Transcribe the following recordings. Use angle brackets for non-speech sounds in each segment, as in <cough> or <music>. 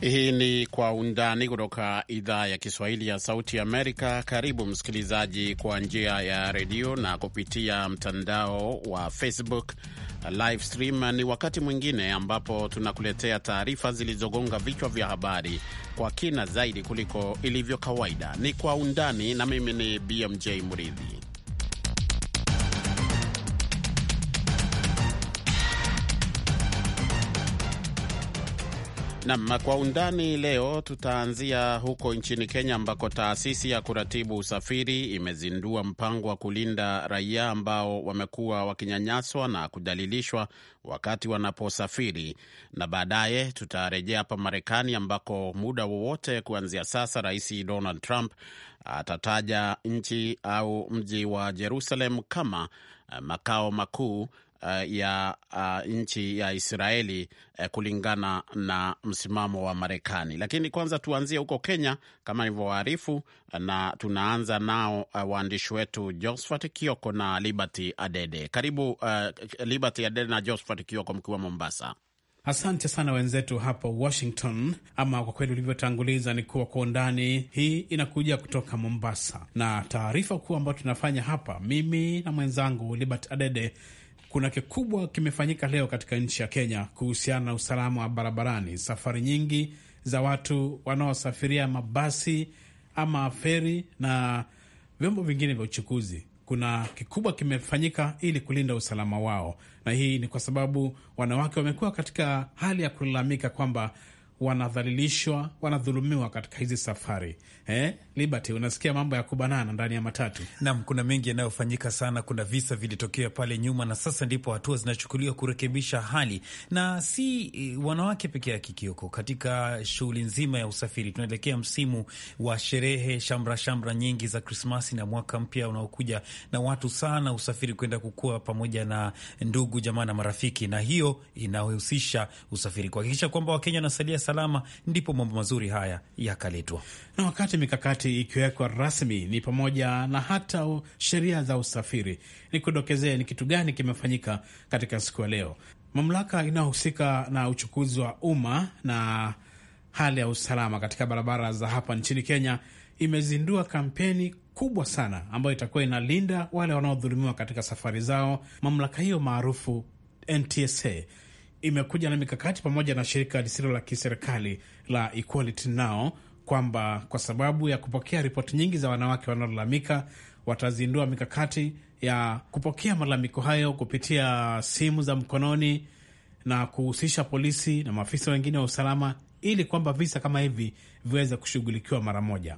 Hii ni Kwa Undani kutoka idhaa ya Kiswahili ya Sauti Amerika. Karibu msikilizaji, kwa njia ya redio na kupitia mtandao wa Facebook live stream. Ni wakati mwingine ambapo tunakuletea taarifa zilizogonga vichwa vya habari kwa kina zaidi kuliko ilivyo kawaida. Ni Kwa Undani na mimi ni BMJ Muridhi. Nam kwa undani leo, tutaanzia huko nchini Kenya ambako taasisi ya kuratibu usafiri imezindua mpango wa kulinda raia ambao wamekuwa wakinyanyaswa na kudhalilishwa wakati wanaposafiri, na baadaye tutarejea hapa Marekani ambako muda wowote kuanzia sasa Rais Donald Trump atataja nchi au mji wa Jerusalem kama eh, makao makuu uh, ya uh, nchi ya Israeli uh, kulingana na msimamo wa Marekani. Lakini kwanza tuanzie huko Kenya kama nilivyowaarifu, na tunaanza nao uh, waandishi wetu Josphat Kioko na Liberty Adede. Karibu uh, Liberty Adede na Josphat Kioko mkiwa Mombasa. Asante sana wenzetu hapa Washington. Ama kwa kweli ulivyotanguliza ni kuwa kwa undani hii inakuja kutoka Mombasa, na taarifa kuu ambayo tunafanya hapa, mimi na mwenzangu Libert Adede kuna kikubwa kimefanyika leo katika nchi ya Kenya kuhusiana na usalama wa barabarani. Safari nyingi za watu wanaosafiria mabasi ama feri na vyombo vingine vya uchukuzi, kuna kikubwa kimefanyika ili kulinda usalama wao, na hii ni kwa sababu wanawake wamekuwa katika hali ya kulalamika kwamba wanadhalilishwa, wanadhulumiwa katika hizi safari eh? Liberty, unasikia mambo ya kubanana ndani ya matatu. Naam, kuna mengi yanayofanyika sana. Kuna visa vilitokea pale nyuma, na sasa ndipo hatua zinachukuliwa kurekebisha hali, na si e, wanawake peke yake. Kioko, katika shughuli nzima ya usafiri, tunaelekea msimu wa sherehe, shamra shamra nyingi za Krismasi na mwaka mpya unaokuja, na watu sana usafiri kwenda kukua pamoja na ndugu jamaa na marafiki, na hiyo inahusisha usafiri. Kuhakikisha kwamba Wakenya wanasalia salama, ndipo mambo mazuri haya yakaletwa na wakati mikakati masharti ikiwekwa rasmi, ni pamoja na hata sheria za usafiri. Nikudokezee ni kitu gani kimefanyika katika siku ya leo. Mamlaka inayohusika na uchukuzi wa umma na hali ya usalama katika barabara za hapa nchini Kenya imezindua kampeni kubwa sana ambayo itakuwa inalinda wale wanaodhulumiwa katika safari zao. Mamlaka hiyo maarufu NTSA imekuja na mikakati pamoja na shirika lisilo la kiserikali la Equality Now kwamba kwa sababu ya kupokea ripoti nyingi za wanawake wanaolalamika, watazindua mikakati ya kupokea malalamiko hayo kupitia simu za mkononi na kuhusisha polisi na maafisa wengine wa usalama ili kwamba visa kama hivi viweze kushughulikiwa mara moja.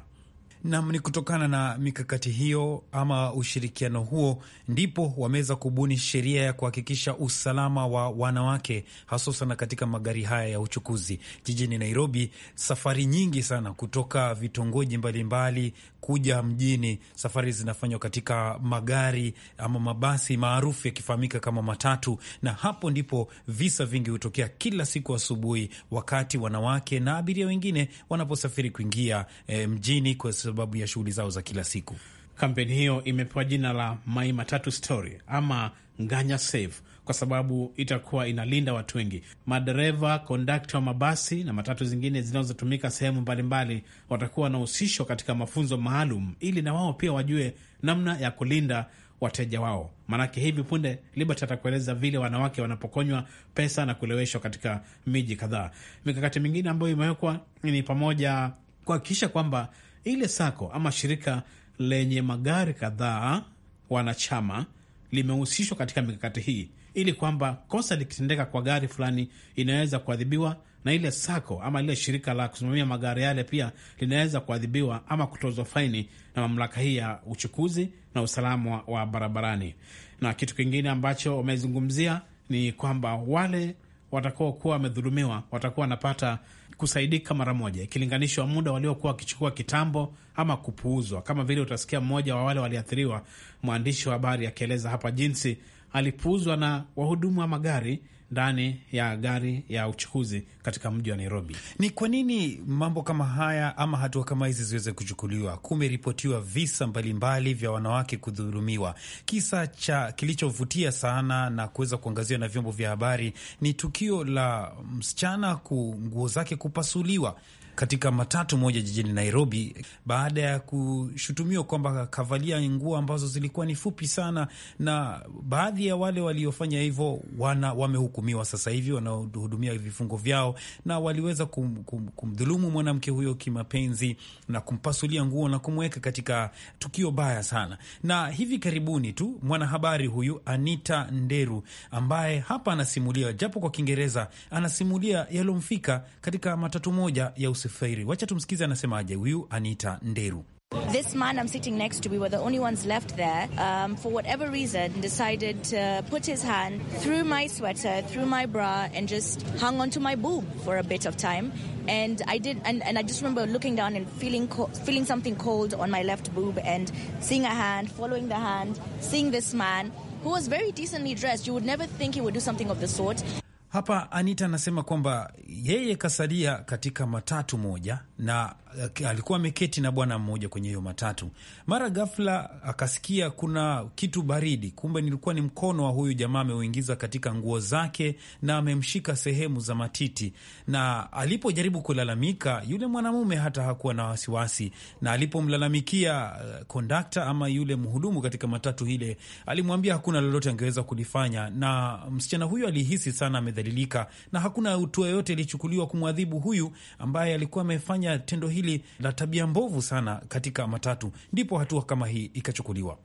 Nam, ni kutokana na mikakati hiyo ama ushirikiano huo ndipo wameweza kubuni sheria ya kuhakikisha usalama wa wanawake hasusan katika magari haya ya uchukuzi jijini Nairobi. Safari nyingi sana kutoka vitongoji mbalimbali kuja mjini, safari zinafanywa katika magari ama mabasi maarufu yakifahamika kama matatu, na hapo ndipo visa vingi hutokea kila siku asubuhi, wakati wanawake na abiria wengine wanaposafiri kuingia e, mjini kwa sababu ya shughuli zao za kila siku. Kampeni hiyo imepewa jina la Mai Matatu Story ama Nganya Save kwa sababu itakuwa inalinda watu wengi. Madereva, kondakta wa mabasi na matatu zingine zinazotumika sehemu mbalimbali watakuwa wanahusishwa katika mafunzo maalum, ili na wao pia wajue namna ya kulinda wateja wao. Maanake hivi punde Libert atakueleza vile wanawake wanapokonywa pesa na kuleweshwa katika miji kadhaa. Mikakati mingine ambayo imewekwa ni pamoja kuhakikisha kwamba ile sako ama shirika lenye magari kadhaa wanachama limehusishwa katika mikakati hii, ili kwamba kosa likitendeka kwa gari fulani inaweza kuadhibiwa na ile sako ama lile shirika la kusimamia magari yale pia linaweza kuadhibiwa ama kutozwa faini na mamlaka hii ya uchukuzi na usalama wa barabarani. Na kitu kingine ambacho wamezungumzia ni kwamba wale watakaokuwa wamedhulumiwa watakuwa wanapata kusaidika mara moja ikilinganishwa muda waliokuwa wakichukua kitambo ama kupuuzwa. Kama vile utasikia mmoja wa wale waliathiriwa, mwandishi wa habari akieleza hapa jinsi alipuuzwa na wahudumu wa magari ndani ya gari ya uchukuzi katika mji wa Nairobi. Ni kwa nini mambo kama haya ama hatua kama hizi ziweze kuchukuliwa? Kumeripotiwa visa mbalimbali mbali vya wanawake kudhulumiwa. Kisa cha kilichovutia sana na kuweza kuangaziwa na vyombo vya habari ni tukio la msichana nguo zake kupasuliwa katika matatu moja jijini Nairobi baada ya kushutumiwa kwamba kavalia nguo ambazo zilikuwa ni fupi sana, na baadhi ya wale waliofanya hivyo wana wamehukumiwa sasa hivi, wanaohudumia vifungo vyao, na waliweza kum, kum, kumdhulumu mwanamke huyo kimapenzi na kumpasulia nguo na kumweka katika tukio baya sana. Na hivi karibuni tu mwanahabari huyu Anita Nderu ambaye hapa anasimulia japo kwa Kiingereza, anasimulia yaliomfika katika matatu moja ya Wacha tumsikize anasemaje huyu Anita Nderu. This man I'm sitting next to, we were the only ones left there, um, for whatever reason, decided to put his hand through my sweater, through my bra, and just hung onto my boob for a bit of time. And I did, and, and I just remember looking down and feeling co- feeling something cold on my left boob, and seeing a hand, following the hand, seeing this man who was very decently dressed. You would never think he would do something of the sort. Hapa Anita anasema kwamba yeye kasalia katika matatu moja na eh, alikuwa ameketi na bwana mmoja kwenye hiyo matatu. Mara ghafla akasikia kuna kitu baridi, kumbe nilikuwa ni mkono wa huyu jamaa ameuingiza katika nguo zake na amemshika sehemu za matiti. Na alipojaribu kulalamika, yule mwanamume hata hakuwa na wasiwasi, na alipomlalamikia eh, kondakta ama yule mhudumu katika matatu ile, alimwambia hakuna lolote angeweza kulifanya, na msichana huyu alihisi sana amedhalilika, na hakuna hatua yoyote ilichukuliwa kumwadhibu huyu ambaye alikuwa amefanya kufanya tendo hili la tabia mbovu sana katika matatu, ndipo hatua kama hii ikachukuliwa.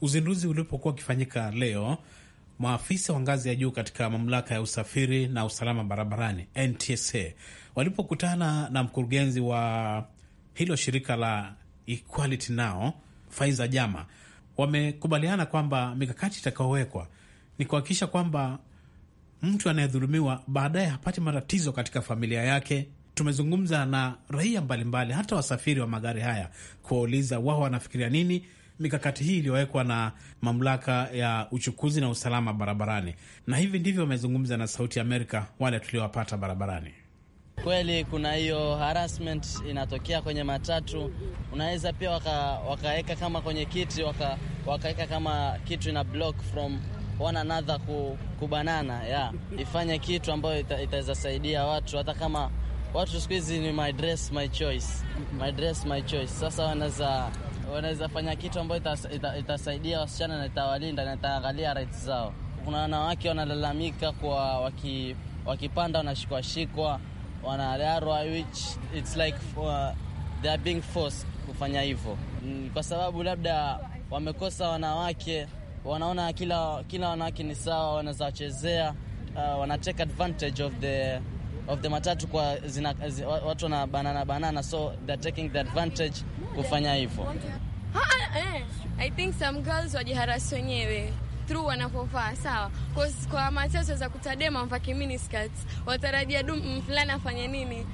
Uzinduzi ulipokuwa ukifanyika leo, maafisa wa ngazi ya juu katika mamlaka ya usafiri na usalama barabarani NTSA walipokutana na mkurugenzi wa hilo shirika la Equality Now Faiza Jama, wamekubaliana kwamba mikakati itakaowekwa ni kuhakikisha kwamba mtu anayedhulumiwa baadaye hapati matatizo katika familia yake Tumezungumza na raia mbalimbali, hata wasafiri wa magari haya, kuwauliza wao wanafikiria nini mikakati hii iliyowekwa na mamlaka ya uchukuzi na usalama barabarani, na hivi ndivyo wamezungumza na Sauti ya Amerika wale tuliowapata barabarani. Kweli kuna hiyo harassment inatokea kwenye matatu. Unaweza pia wakaweka waka kama kwenye kiti wakaweka waka kama kitu ina block from one another kubanana yeah. Ifanye kitu ambayo itaweza saidia watu hata kama watu siku hizi ni my dress my choice, my dress my choice. Sasa wanaweza wanaweza fanya kitu ambayo itasaidia ita, ita wasichana na itawalinda na itaangalia rights zao. Kuna wanawake wanalalamika kwa waki, wakipanda wanashikwashikwa wanaarwa, which it's like for, uh, they are being forced kufanya hivyo mm, kwa sababu labda wamekosa wanawake, wanaona kila kila wanawake ni sawa, wanaweza wachezea, uh, wanatake advantage of the of the matatu kwa zina, zi, watu wana banana banana, so they're taking the advantage kufanya hivyo. I think some girls wajiharasi wenyewe through wanapovaa sawa. Cause kwa matatu za kutadema mvaki mini skirt watarajia du mfulana mm, afanye nini?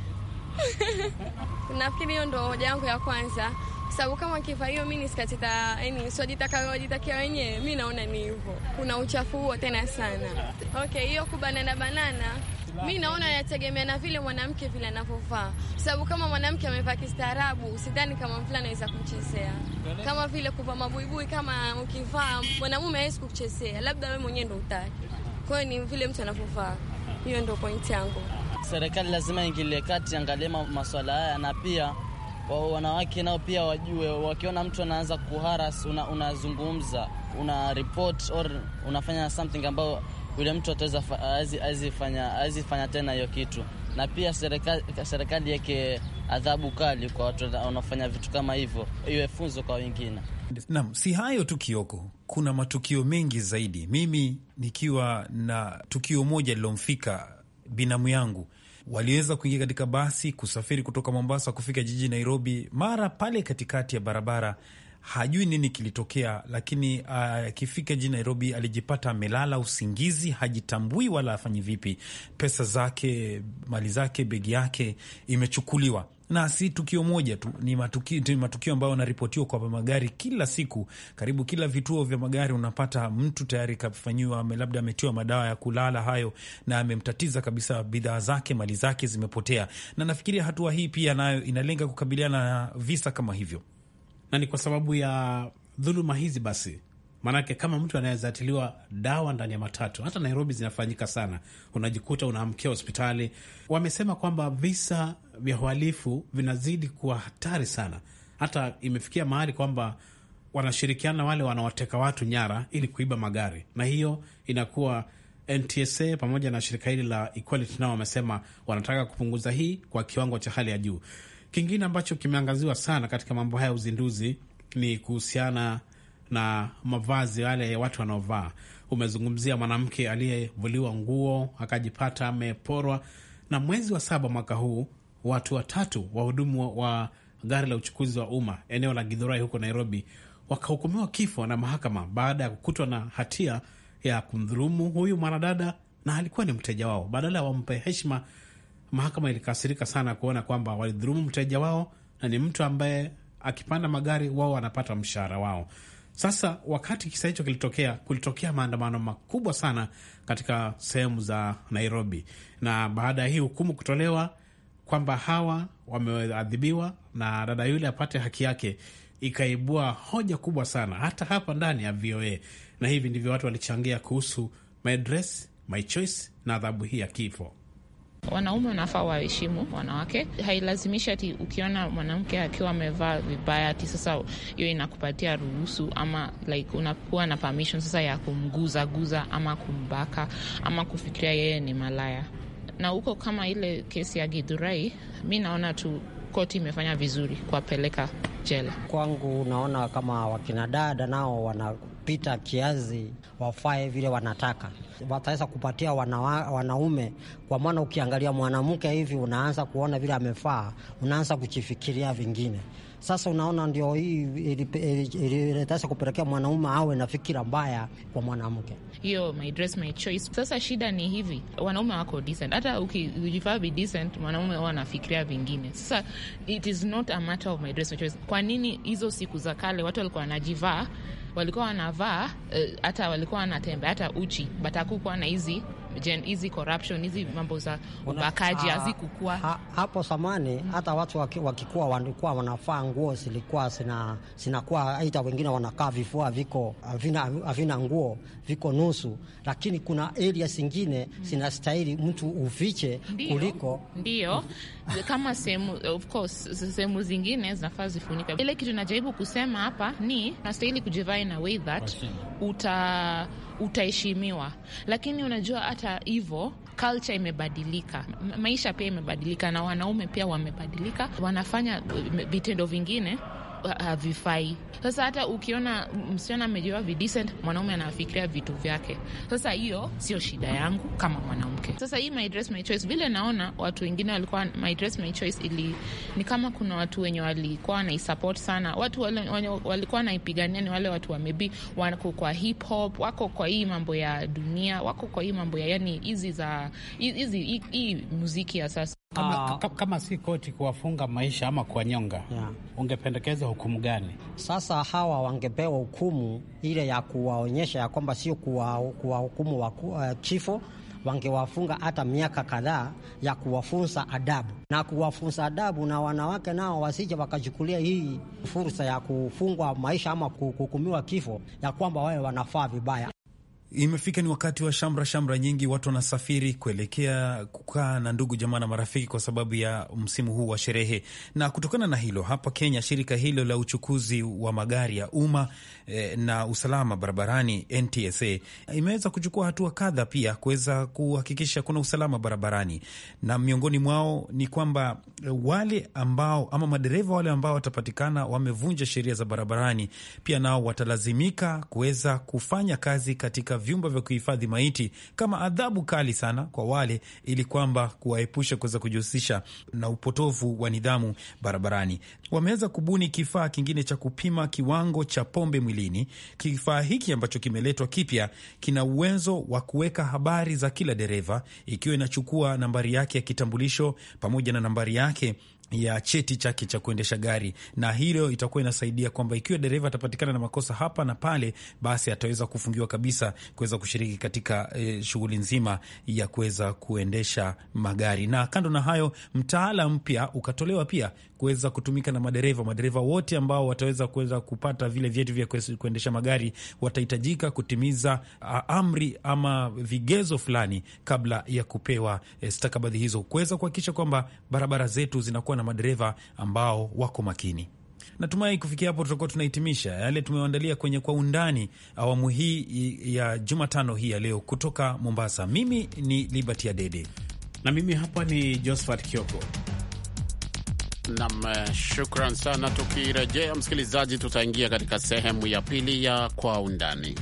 <laughs> Nafikiri hiyo ndo hoja yangu ya kwanza, sababu kama kivaa hiyo mini skirt ita yani sijitaka wajitakia wenyewe, mi naona ni hivyo. Kuna uchafu huo tena sana. Okay, hiyo kubanana banana Mi naona yategemea na vile mwanamke vile anavyovaa, sababu kama mwanamke amevaa kistaarabu, sidhani kama mvulana anaweza kumchezea, kama vile kuvaa mabuibui. Kama ukivaa mwanamume hawezi kukuchezea, labda wewe mwenyewe ndo utaki. Kwa hiyo ni vile mtu anavyovaa, hiyo ndo pointi yangu. Serikali lazima ingilie kati, angalie maswala haya, na pia wanawake nao pia wajue, wakiona mtu anaanza kuharas, unazungumza una, una report or unafanya something ambayo yule mtu ataweza azifanya tena hiyo kitu, na pia serikali yake adhabu kali kwa watu wanaofanya vitu kama hivyo, iwe funzo kwa wengine. Naam, si hayo tu Kioko, kuna matukio mengi zaidi. Mimi nikiwa na tukio moja lilomfika binamu yangu, waliweza kuingia katika basi kusafiri kutoka Mombasa kufika jiji Nairobi, mara pale katikati ya barabara hajui nini kilitokea, lakini akifika uh, jijini Nairobi alijipata amelala usingizi, hajitambui wala afanyi vipi. Pesa zake, mali zake, begi yake imechukuliwa na si tukio moja tu, ni matukio, ni matukio ambayo yanaripotiwa kwa magari kila siku. Karibu kila vituo vya magari unapata mtu tayari kafanyiwa, labda ametiwa madawa ya kulala hayo, na amemtatiza kabisa, bidhaa zake, mali zake zimepotea. Na nafikiria hatua hii pia nayo inalenga kukabiliana na visa kama hivyo na ni kwa sababu ya dhuluma hizi basi Maanake kama mtu anaweza atiliwa dawa ndani ya matatu, hata Nairobi zinafanyika sana, unajikuta unaamkia hospitali. Wamesema kwamba visa vya uhalifu vinazidi kuwa hatari sana, hata imefikia mahali kwamba wanashirikiana wale wanawateka watu nyara ili kuiba magari, na hiyo inakuwa NTSA pamoja na shirika hili la Equality nao wamesema wanataka kupunguza hii kwa kiwango cha hali ya juu. Kingine ambacho kimeangaziwa sana katika mambo haya ya uzinduzi ni kuhusiana na mavazi yale ya watu wanaovaa. Umezungumzia mwanamke aliyevuliwa nguo akajipata ameporwa. Na mwezi wa saba mwaka huu watu watatu wahudumu wa, wa gari la uchukuzi wa umma eneo la Githurai huko Nairobi wakahukumiwa kifo na mahakama baada ya kukutwa na hatia ya kumdhulumu huyu mwanadada, na alikuwa ni mteja wao, badala ya wampe heshima mahakama ilikasirika sana kuona kwamba walidhulumu mteja wao, na ni mtu ambaye akipanda magari wao wanapata mshahara wao. Sasa wakati kisa hicho kilitokea, kulitokea maandamano makubwa sana katika sehemu za Nairobi, na baada ya hii hukumu kutolewa kwamba hawa wameadhibiwa na dada yule apate haki yake, ikaibua hoja kubwa sana hata hapa ndani ya VOA, na hivi ndivyo watu walichangia kuhusu my dress, my choice na adhabu hii ya kifo. Wanaume wanafaa waheshimu wanawake, hailazimishi ati ukiona mwanamke akiwa amevaa vibaya ati sasa hiyo inakupatia ruhusu ama like unakuwa na permission sasa ya kumguzaguza ama kumbaka ama kufikiria yeye ni malaya. Na huko kama ile kesi ya Githurai, mi naona tu koti imefanya vizuri kuwapeleka jela. Kwangu naona kama wakinadada nao wana kupita kiasi, wafae vile wanataka, wataweza kupatia wanawa, wanaume. Kwa maana ukiangalia mwanamke hivi unaanza kuona vile amefaa, unaanza kuchifikiria vingine. Sasa unaona ndio hii ilitasa kupelekea mwanaume awe na fikira mbaya kwa mwanamke. Hiyo my dress my choice. Sasa shida ni hivi, wanaume wako decent, hata ukijifaa be decent, mwanaume huwa anafikiria vingine. Sasa it is not a matter of my dress my choice. Kwa nini hizo siku za kale watu walikuwa wanajivaa walikuwa wanavaa eh, hata, uh, walikuwa wanatembea hata uchi, hakukuwa na hizi hizi corruption hizi mambo za ubakaji ah, hazikukua ha, hapo zamani mm. Hata watu wakikuwa walikuwa wanafaa nguo zilikuwa zinakuwa aita, wengine wanakaa vifua viko havina nguo viko nusu, lakini kuna area zingine mm. zinastahili mtu ufiche kuliko ndio <laughs> kama sehemu of course sehemu zingine zinafaa zifunika. Ile kitu najaribu kusema hapa ni nastahili kujivaa in a way that uta utaheshimiwa, lakini unajua hata hivyo culture imebadilika, maisha pia imebadilika, na wanaume pia wamebadilika, wanafanya eh, vitendo vingine havifai. Sasa hata ukiona msichana amejiwa videcent, mwanaume anafikiria vitu vyake. Sasa hiyo sio shida yangu kama mwanamke. Sasa hii my dress my choice, vile naona watu wengine walikuwa my dress my choice ili ni kama kuna watu wenye walikuwa wanaisupport sana, watu walikuwa wanaipigania ni wale watu wamebi wako kwa hip hop, wako kwa hii mambo ya dunia, wako kwa hii mambo ya yani hizi za hizi hii muziki ya sasa kama, uh, ah. kama si koti kuwafunga maisha ama kuwanyonga yeah. Ungependekeza hukumu gani? Sasa hawa wangepewa hukumu ile ya kuwaonyesha ya kwamba sio kuwahukumu wa uh, eh, kifo wangewafunga hata miaka kadhaa ya kuwafunza adabu na kuwafunza adabu, na wanawake nao wasije wakachukulia hii fursa ya kufungwa maisha ama kuhukumiwa kifo ya kwamba wawe wanafaa vibaya. Imefika ni wakati wa shamra shamra nyingi, watu wanasafiri kuelekea kukaa na ndugu jamaa na marafiki kwa sababu ya msimu huu wa sherehe. Na kutokana na hilo, hapa Kenya shirika hilo la uchukuzi wa magari ya umma eh, na usalama barabarani NTSA imeweza kuchukua hatua kadha pia kuweza kuhakikisha kuna usalama barabarani, na miongoni mwao ni kwamba wale ambao ama madereva wale ambao watapatikana wamevunja sheria za barabarani, pia nao watalazimika kuweza kufanya kazi katika vyumba vya kuhifadhi maiti kama adhabu kali sana kwa wale, ili kwamba kuwaepusha kuweza kujihusisha na upotovu wa nidhamu barabarani. Wameweza kubuni kifaa kingine cha kupima kiwango cha pombe mwilini. Kifaa hiki ambacho kimeletwa kipya kina uwezo wa kuweka habari za kila dereva, ikiwa inachukua nambari yake ya kitambulisho pamoja na nambari yake ya cheti chake cha kuendesha gari, na hilo itakuwa inasaidia kwamba ikiwa dereva atapatikana na makosa hapa na pale, basi ataweza kufungiwa kabisa kuweza kushiriki katika e, shughuli nzima ya kuweza kuendesha magari. Na kando na hayo, mtaala mpya ukatolewa pia kuweza kutumika na madereva. Madereva wote ambao wataweza kuweza kupata vile vyeti vya kuendesha magari watahitajika kutimiza amri ama vigezo fulani kabla ya kupewa e, stakabadhi hizo, kuweza kuhakikisha kwamba barabara zetu zinakuwa kutakuwa na madereva ambao wako makini. Natumai kufikia hapo tutakuwa tunahitimisha yale tumeandalia kwenye Kwa Undani awamu hii ya Jumatano hii ya leo. Kutoka Mombasa, mimi ni Liberty Adede na mimi hapa ni Josephat Kioko. Nam, eh, shukran sana. Tukirejea msikilizaji, tutaingia katika sehemu ya pili ya Kwa Undani.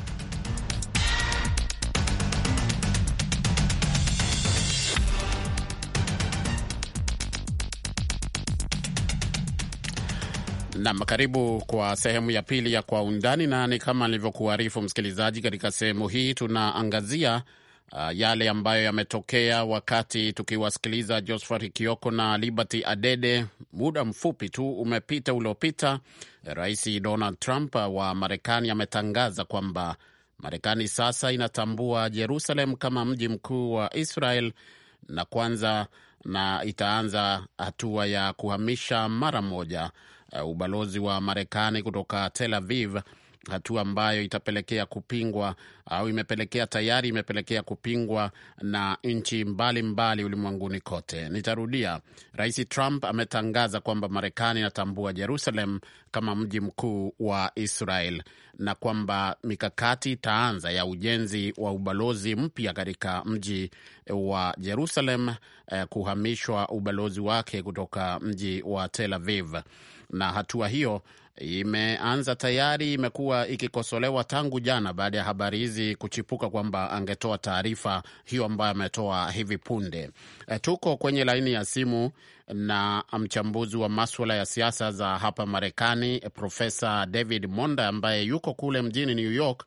Nam, karibu kwa sehemu ya pili ya Kwa Undani, na ni kama nilivyokuarifu msikilizaji, katika sehemu hii tunaangazia uh, yale ambayo yametokea wakati tukiwasikiliza Josphat Kioko na Liberty Adede. Muda mfupi tu umepita uliopita, Rais Donald Trump uh, wa Marekani ametangaza kwamba Marekani sasa inatambua Jerusalem kama mji mkuu wa Israel na kwanza na itaanza hatua ya kuhamisha mara moja Uh, ubalozi wa Marekani kutoka Tel Aviv, hatua ambayo itapelekea kupingwa au imepelekea tayari imepelekea kupingwa na nchi mbalimbali ulimwenguni kote. Nitarudia, Rais Trump ametangaza kwamba Marekani inatambua Jerusalem kama mji mkuu wa Israel na kwamba mikakati itaanza ya ujenzi wa ubalozi mpya katika mji wa Jerusalem, eh, kuhamishwa ubalozi wake kutoka mji wa Tel Aviv na hatua hiyo imeanza tayari, imekuwa ikikosolewa tangu jana baada ya habari hizi kuchipuka kwamba angetoa taarifa hiyo ambayo ametoa hivi punde. E, tuko kwenye laini ya simu na mchambuzi wa maswala ya siasa za hapa Marekani, Profesa David Monda ambaye yuko kule mjini New York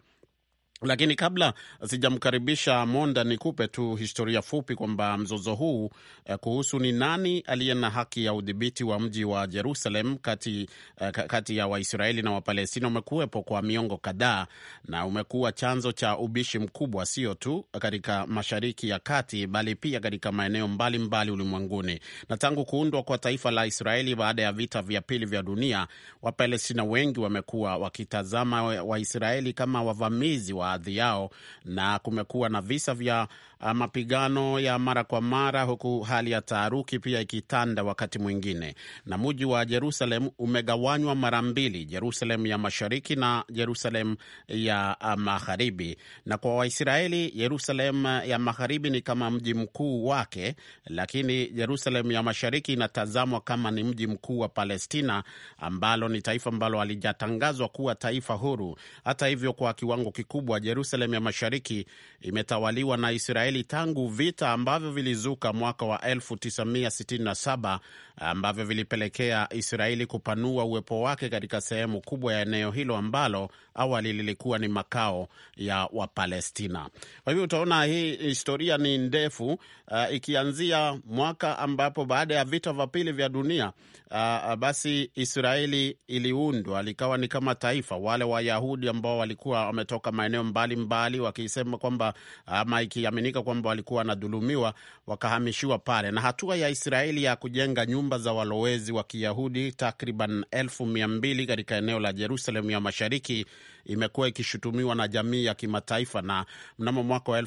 lakini kabla sijamkaribisha Monda, nikupe tu historia fupi kwamba mzozo huu eh, kuhusu ni nani aliye na haki ya udhibiti wa mji wa Jerusalem kati, eh, kati ya Waisraeli na Wapalestina umekuwepo kwa miongo kadhaa na umekuwa chanzo cha ubishi mkubwa, sio tu katika Mashariki ya Kati bali pia katika maeneo mbalimbali ulimwenguni. Na tangu kuundwa kwa taifa la Israeli baada ya vita vya pili vya dunia, Wapalestina wengi wamekuwa wakitazama Waisraeli kama wavamizi wa baadhi yao, na kumekuwa na visa vya uh, mapigano ya mara kwa mara, huku hali ya taharuki pia ikitanda wakati mwingine. Na mji wa Jerusalem umegawanywa mara mbili, Jerusalem ya mashariki na Jerusalem ya uh, magharibi. Na kwa Waisraeli, Jerusalem uh, ya magharibi ni kama mji mkuu wake, lakini Jerusalem ya mashariki inatazamwa kama ni mji mkuu wa Palestina, ambalo ni taifa ambalo halijatangazwa kuwa taifa huru. Hata hivyo, kwa kiwango kikubwa kuwa Jerusalem ya mashariki imetawaliwa na Israeli tangu vita ambavyo vilizuka mwaka wa 1967 ambavyo vilipelekea Israeli kupanua uwepo wake katika sehemu kubwa ya eneo hilo ambalo awali lilikuwa ni makao ya Wapalestina. Kwa hivyo utaona hii historia ni ndefu, uh, ikianzia mwaka ambapo baada ya vita vya pili vya dunia, uh, basi Israeli iliundwa likawa ni kama taifa. Wale Wayahudi ambao walikuwa wametoka maeneo mbalimbali wakisema kwamba ama ah, ikiaminika kwamba walikuwa wanadhulumiwa wakahamishiwa pale. Na hatua ya Israeli ya kujenga nyumba za walowezi wa Kiyahudi takriban elfu mia mbili katika eneo la Jerusalemu ya mashariki imekuwa ikishutumiwa na jamii ya kimataifa. Na mnamo mwaka wa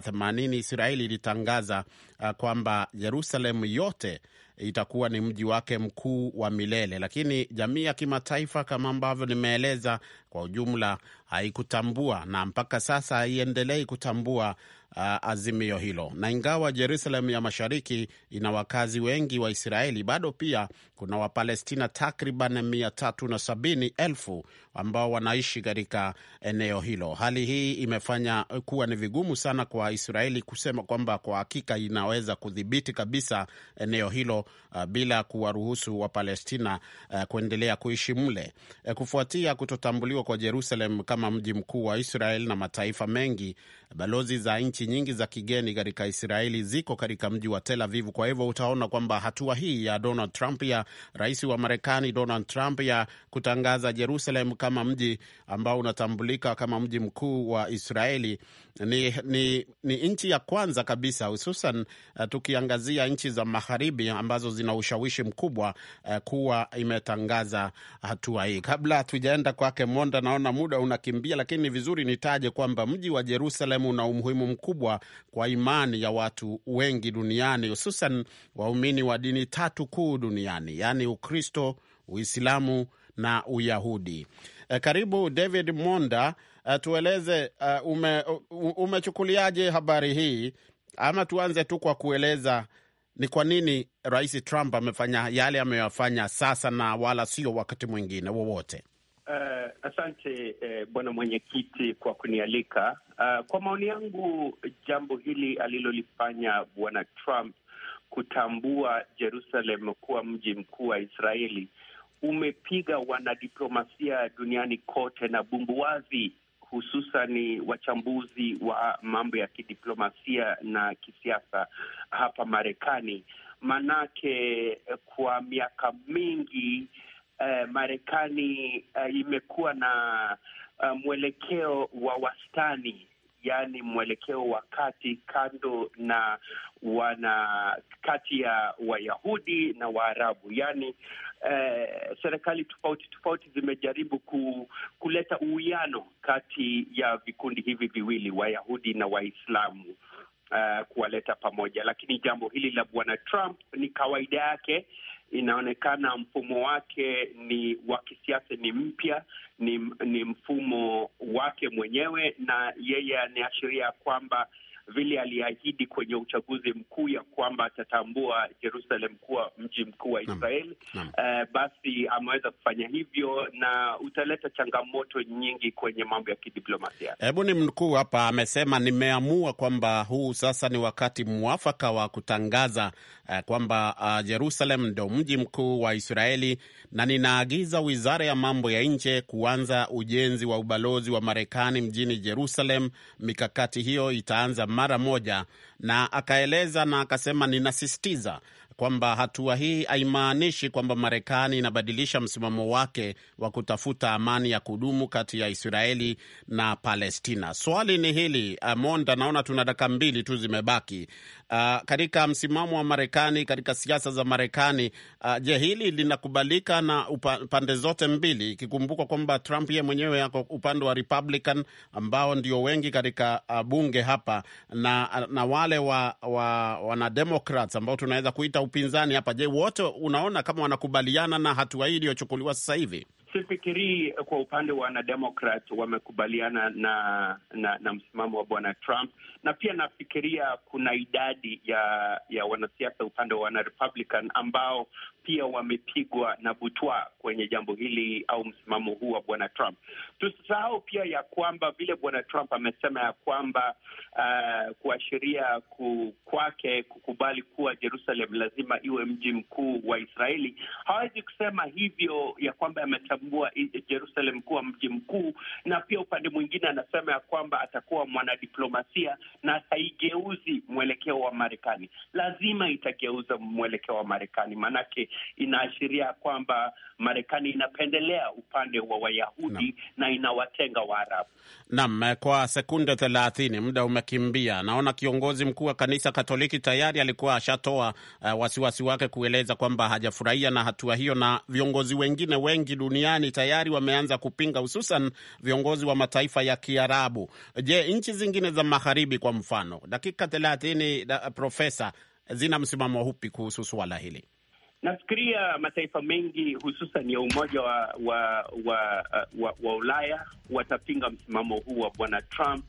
themanini Israeli ilitangaza ah, kwamba Jerusalemu yote itakuwa ni mji wake mkuu wa milele. Lakini jamii ya kimataifa kama ambavyo nimeeleza, kwa ujumla haikutambua na mpaka sasa haiendelei kutambua uh, azimio hilo. Na ingawa Jerusalem ya mashariki ina wakazi wengi wa Israeli, bado pia kuna Wapalestina takriban mia tatu na sabini elfu ambao wanaishi katika eneo hilo. Hali hii imefanya kuwa ni vigumu sana kwa Israeli kusema kwamba kwa hakika inaweza kudhibiti kabisa eneo hilo uh, bila kuwaruhusu Wapalestina uh, kuendelea kuishi mle uh, kufuatia kutotambuliwa kwa Jerusalem kama mji mkuu wa Israel na mataifa mengi, balozi za nchi kliniki nyingi za kigeni katika Israeli ziko katika mji wa Tel Aviv. Kwa hivyo utaona kwamba hatua hii ya Donald Trump ya rais wa Marekani Donald Trump ya kutangaza Jerusalem kama mji ambao unatambulika kama mji mkuu wa Israeli ni, ni, ni nchi ya kwanza kabisa hususan uh, tukiangazia nchi za magharibi ambazo zina ushawishi mkubwa uh, kuwa imetangaza hatua hii. Kabla hatujaenda kwake Monda, naona muda unakimbia, lakini ni vizuri nitaje kwamba mji wa Jerusalem una umuhimu mkubwa kubwa kwa imani ya watu wengi duniani, hususan waumini wa dini tatu kuu duniani, yaani Ukristo, Uislamu na Uyahudi. E, karibu David Monda, e, tueleze eh, ume, umechukuliaje habari hii, ama tuanze tu kwa kueleza ni kwa nini Rais Trump amefanya yale ameyafanya sasa na wala sio wakati mwingine wowote? Uh, asante uh, bwana mwenyekiti kwa kunialika. Uh, kwa maoni yangu jambo hili alilolifanya bwana Trump kutambua Jerusalem kuwa mji mkuu wa Israeli umepiga wanadiplomasia duniani kote na bumbuwazi, hususani wachambuzi wa mambo ya kidiplomasia na kisiasa hapa Marekani, manake kwa miaka mingi eh, Marekani eh, imekuwa na eh, mwelekeo wa wastani yaani mwelekeo wa kati kando na wana kati ya Wayahudi na Waarabu, yaani eh, serikali tofauti tofauti zimejaribu ku, kuleta uwiano kati ya vikundi hivi viwili, Wayahudi na Waislamu Uh, kuwaleta pamoja, lakini jambo hili la Bwana Trump ni kawaida yake inaonekana mfumo wake ni wa kisiasa, ni mpya, ni, ni mfumo wake mwenyewe, na yeye anaashiria kwamba vile aliahidi kwenye uchaguzi mkuu ya kwamba atatambua Jerusalem kuwa mji mkuu wa Israel nam, nam. Uh, eh, basi ameweza kufanya hivyo na utaleta changamoto nyingi kwenye mambo ya kidiplomasia. Hebu ni mkuu hapa amesema, nimeamua kwamba huu sasa ni wakati mwafaka wa kutangaza Eh, kwamba uh, Jerusalem ndo mji mkuu wa Israeli na ninaagiza wizara ya mambo ya nje kuanza ujenzi wa ubalozi wa Marekani mjini Jerusalem. Mikakati hiyo itaanza mara moja, na akaeleza na akasema, ninasisitiza kwamba hatua hii haimaanishi kwamba Marekani inabadilisha msimamo wake wa kutafuta amani ya kudumu kati ya Israeli na Palestina. Swali ni hili, uh, Monda, naona tuna dakika mbili tu zimebaki. Uh, katika msimamo wa Marekani, katika siasa za Marekani, uh, je, hili linakubalika na upa, pande zote mbili, ikikumbuka kwamba Trump ye mwenyewe yako upande wa Republican ambao ndio wengi katika uh, bunge hapa na, uh, na wale wa, wa, wanademokrat ambao tunaweza kuita upinzani hapa, je, wote unaona kama wanakubaliana na hatua hii iliyochukuliwa sasa hivi? Sifikirii kwa upande wa wanademokrat wamekubaliana na na, na msimamo wa bwana Trump, na pia nafikiria kuna idadi ya ya wanasiasa upande wa wanarepublican ambao pia wamepigwa na butwa kwenye jambo hili au msimamo huu wa bwana Trump. Tusisahau pia ya kwamba vile bwana Trump amesema ya kwamba uh, kuashiria ku, kwake kukubali kuwa Jerusalem lazima iwe mji mkuu wa Israeli, hawezi kusema hivyo ya kwamba yametab kutambua Jerusalem kuwa mji mkuu, na pia upande mwingine anasema ya kwamba atakuwa mwanadiplomasia na haigeuzi mwelekeo wa Marekani. Lazima itageuza mwelekeo wa Marekani, maanake inaashiria kwamba Marekani inapendelea upande wa Wayahudi na, na inawatenga Waarabu. Naam, kwa sekunde thelathini, muda umekimbia. Naona kiongozi mkuu wa kanisa Katoliki tayari alikuwa ashatoa uh, wasiwasi wake kueleza kwamba hajafurahia na hatua hiyo, na viongozi wengine wengi duniani duniani tayari wameanza kupinga, hususan viongozi wa mataifa ya Kiarabu. Je, nchi zingine za magharibi kwa mfano, dakika thelathini da, Profesa, zina msimamo upi kuhusu suala hili? Nafikiria mataifa mengi hususan ya Umoja wa, wa, wa, wa, wa Ulaya watapinga msimamo huu wa Bwana Trump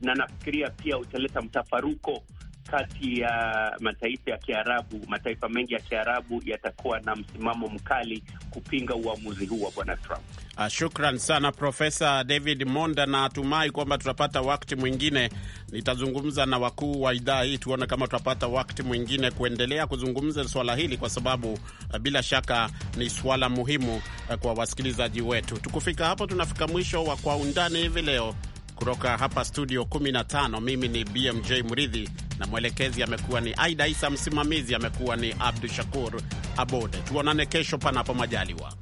na nafikiria pia utaleta mtafaruko kati ya mataifa ya Kiarabu, mataifa mengi ya Kiarabu yatakuwa na msimamo mkali kupinga uamuzi huu wa bwana Trump. Ah, shukran sana Profesa David Monda, na atumai kwamba tutapata wakati mwingine, nitazungumza na wakuu wa idhaa hii tuone kama tutapata wakati mwingine kuendelea kuzungumza swala hili, kwa sababu ah, bila shaka ni swala muhimu ah, kwa wasikilizaji wetu. Tukufika hapo, tunafika mwisho wa Kwa Undani hivi leo. Kutoka hapa studio 15 mimi ni BMJ mridhi na mwelekezi amekuwa ni Aida Isa, msimamizi amekuwa ni Abdu Shakur Abode. Tuonane kesho, panapo majaliwa.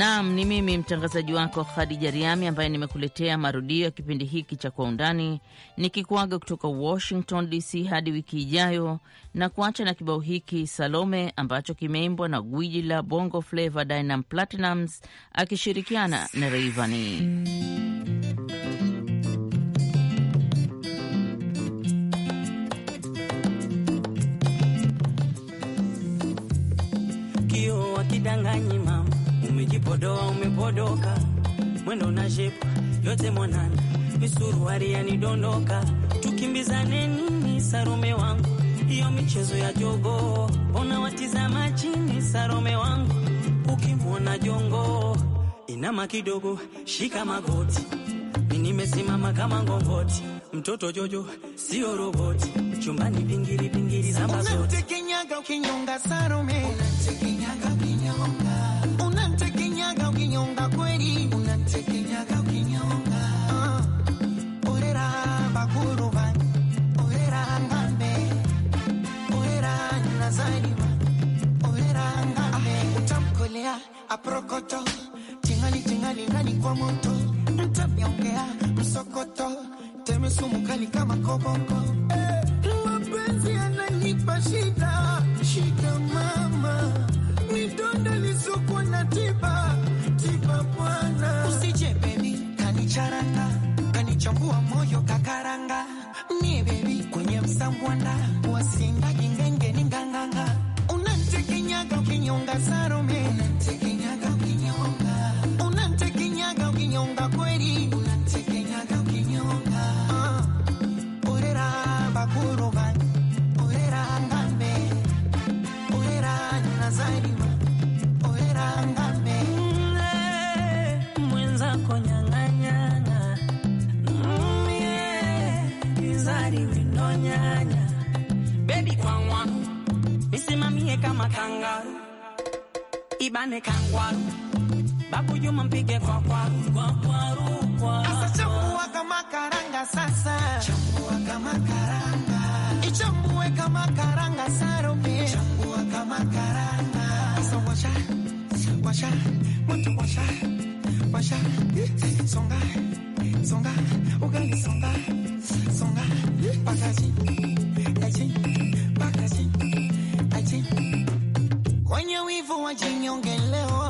Naam, ni mimi mtangazaji wako Khadija Riami ambaye nimekuletea marudio ya kipindi hiki cha Kwa Undani, nikikuaga kutoka Washington DC hadi wiki ijayo, na kuacha na kibao hiki Salome ambacho kimeimbwa na gwiji la Bongo Flava Dynam Platinums akishirikiana na Rayvanny. Kio ulipodoa umepodoka, mwendo na shepu yote monana, misuruari yanidondoka, tukimbizane nini sarume wangu, hiyo michezo ya jogo, mbona watizama chini sarume wangu, ukimwona jongo inama kidogo, shika magoti, nimesimama kama ngongoti, mtoto jojo sio roboti, chumbani vingiri vingiri, zamba zote aprokoto tingali tingali ndani kwa moto mtameongea msokoto teme sumu kama koboko mapenzi yananipa shida shida mama midonda lisokuwa na tiba tiba bwana usije bebi kanicharanga kanichambua moyo kakaranga mie bebi kwenye msambwana ukinyonga kweli unanisekenyaga ukinyonga uh, orera bakuroga orera ngambe orera nazarima orera ngambe mm, eh, mwenzako nyang'anyang'a mie mm, eh, izari winonyanya bebi kwangwa nisimamie kama kangaru ibane kangwaru Babu Juma mpige kwa kwa kwa kwa. Sasa chambua kama karanga sasa. Chambua kama karanga. Ichambue kama karanga sarope. Chambua kama karanga. Sasa washa. Washa. Mtu washa. Washa. Songa. Songa. Ugali songa. Songa. Pakaji. Kaji. Pakaji. Kaji. Kwenye wivu wa jinyonge leo.